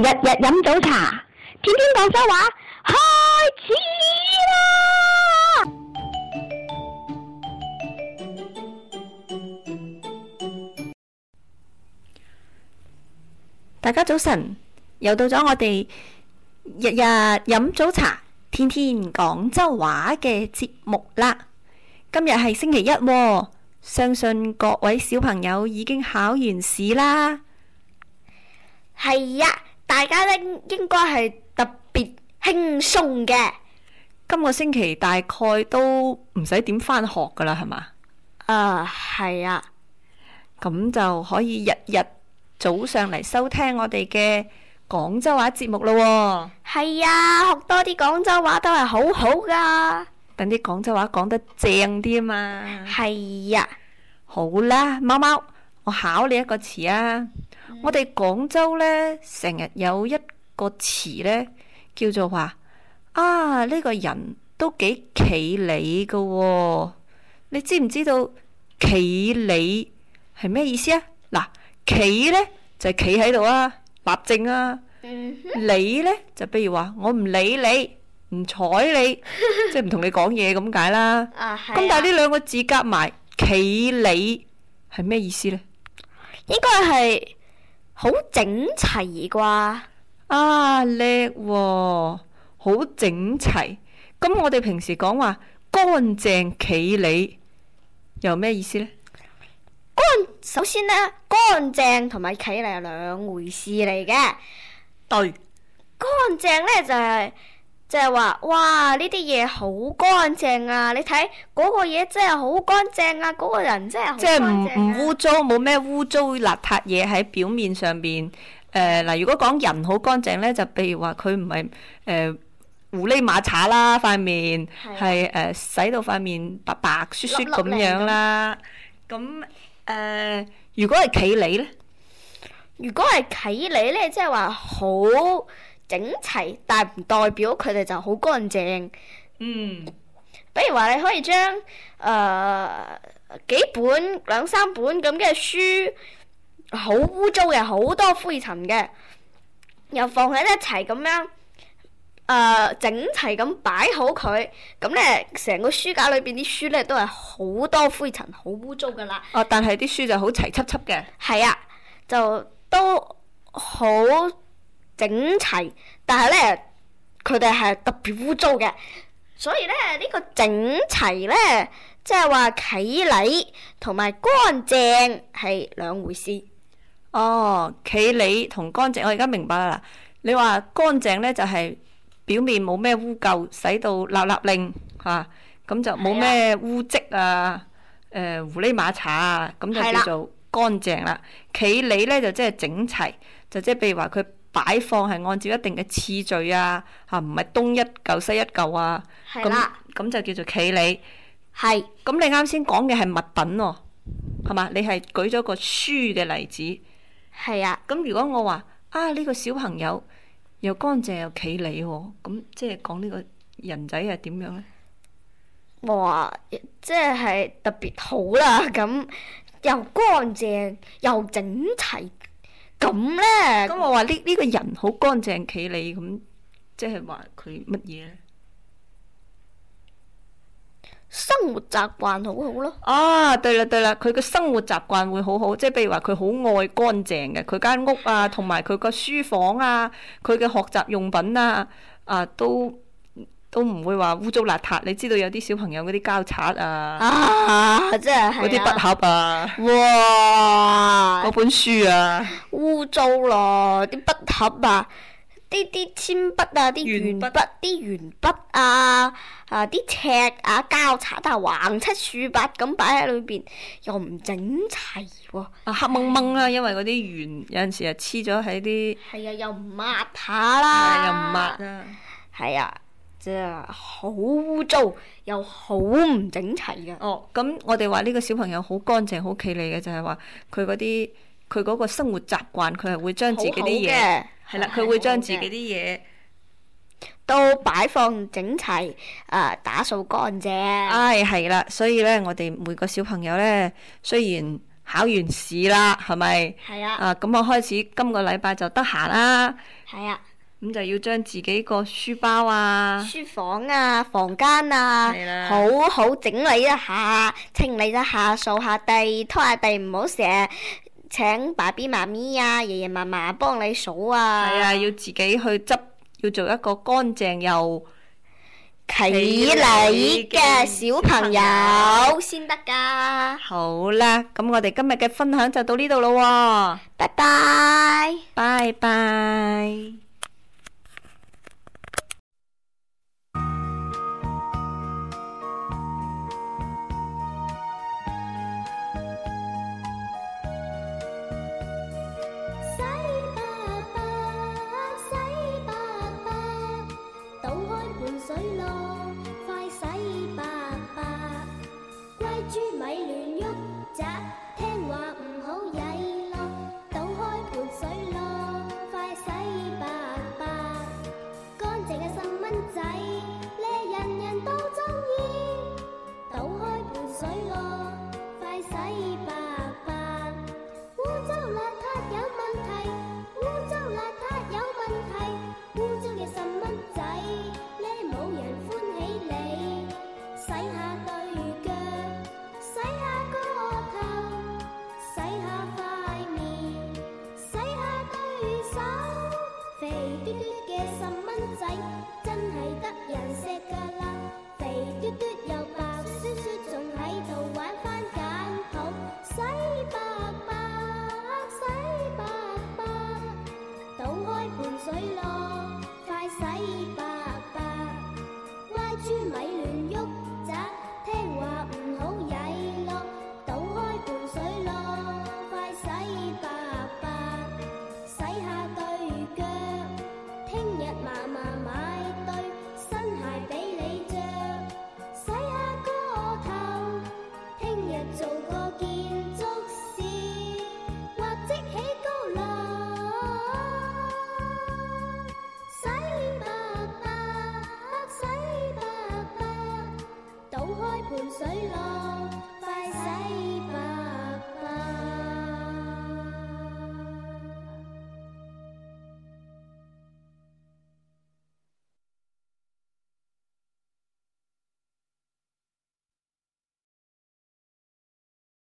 日日飲早茶，天天廣州話，開始啦！大家早晨，又到咗我哋日日飲早茶、天天廣州話嘅節目啦。今日係星期一喎，相信各位小朋友已經考完試啦。係呀。大家咧應該係特別輕鬆嘅。今個星期大概都唔使點返學噶啦，係嘛？啊，係啊，咁就可以日日早上嚟收聽我哋嘅廣州話節目咯喎。係啊，學多啲廣州話都係好好噶。等啲廣州話講得正啲啊嘛。係啊，好啦，貓貓。我考你一個詞啊！嗯、我哋廣州呢，成日有一個詞呢，叫做話啊呢、這個人都幾企理噶、哦。你知唔知道企理係咩意思啊？嗱，企呢，就企喺度啊，立正啊。理、嗯、哼呢，就比如話我唔理你，唔睬你，即係唔同你講嘢咁解啦。咁、啊啊、但係呢兩個字夾埋企理係咩意思呢？應該係好整齊啩。啊叻喎，好整齊。咁我哋平時講話乾淨企理，又咩意思呢？乾，首先呢，乾淨同埋企理係兩回事嚟嘅。對。乾淨呢就係。就係話，哇！呢啲嘢好乾淨啊！你睇嗰、那個嘢真係好乾淨啊，嗰、那個人真係好乾淨、啊、即係唔唔污糟，冇咩污糟邋遢嘢喺表面上邊。誒、呃、嗱，如果講人好乾淨咧，就譬如話佢唔係誒胡呢馬叉啦，塊面係誒洗到塊面白白雪雪咁樣啦。咁誒、呃，如果係企理咧？如果係企理咧，即係話好。整齊，但唔代表佢哋就好乾淨。嗯，比如話你可以將誒、呃、幾本兩三本咁嘅書，好污糟嘅，好多灰塵嘅，又放喺一齊咁樣，誒、呃、整齊咁擺好佢，咁呢，成個書架裏邊啲書呢，都係好多灰塵，好污糟噶啦。哦，但係啲書就好齊輯輯嘅。係啊，就都好。整齊，但係咧，佢哋係特別污糟嘅，所以咧，呢個整齊咧，即係話企理同埋乾淨係兩回事。哦，企理同乾淨，我而家明白啦。你話乾淨咧，就係、是、表面冇咩污垢，洗到立立令吓，咁就冇咩污漬啊，誒、啊啊呃，胡咧馬茶啊，咁就叫做乾淨啦。啊、企理咧就即係整齊，就即係譬如話佢。擺放係按照一定嘅次序啊，吓唔係東一嚿西一嚿啊，嗱，咁就叫做企理。係，咁你啱先講嘅係物品喎，係嘛？你係舉咗個書嘅例子。係啊，咁如果我話啊呢個小朋友又乾淨又企理喎，咁即係講呢個人仔係點樣呢？我哇，即係特別好啦，咁又乾淨又整齊。咁呢，咁、嗯嗯、我話呢呢個人好乾淨企理咁，即係話佢乜嘢咧？生活習慣好好咯。啊，對啦對啦，佢嘅生活習慣會好好，即係譬如話佢好愛乾淨嘅，佢間屋啊，同埋佢個書房啊，佢嘅學習用品啊，啊都，都唔會話污糟邋遢，你知道有啲小朋友嗰啲膠擦啊，即係嗰啲筆盒啊，哇，嗰本書啊，污糟咯，啲筆盒啊，啲啲鉛筆啊，啲鉛筆，啲鉛筆啊，筆啊啲尺啊，啊膠擦啊橫七豎八咁擺喺裏邊，又唔整齊喎、啊。黑茫茫啊黑掹掹啦，因為嗰啲鉛有陣時又黐咗喺啲，係啊又唔抹下啦，又唔抹啊，係啊。的好污糟，又好唔整齊嘅。哦，咁我哋話呢個小朋友好乾淨、好企理嘅，就係話佢嗰啲，佢嗰個生活習慣，佢係會將自己啲嘢，係啦，佢的會將自己啲嘢都擺放整齊，誒、呃，打掃乾淨。唉、哎，係啦，所以呢，我哋每個小朋友呢，雖然考完試啦，係咪？係的啊。啊，咁我開始今個禮拜就得閒啦。係啊。咁就要將自己個書包啊、書房啊、房間啊，的好好整理一下，清理一下，掃下地，拖下地，唔好成日請爸 B 媽咪啊、爺爺嫲嫲幫你掃啊。係啊，要自己去執，要做一個乾淨又企理嘅小朋友先得噶。好啦，咁我哋今日嘅分享就到呢度咯。拜拜 bye，拜拜。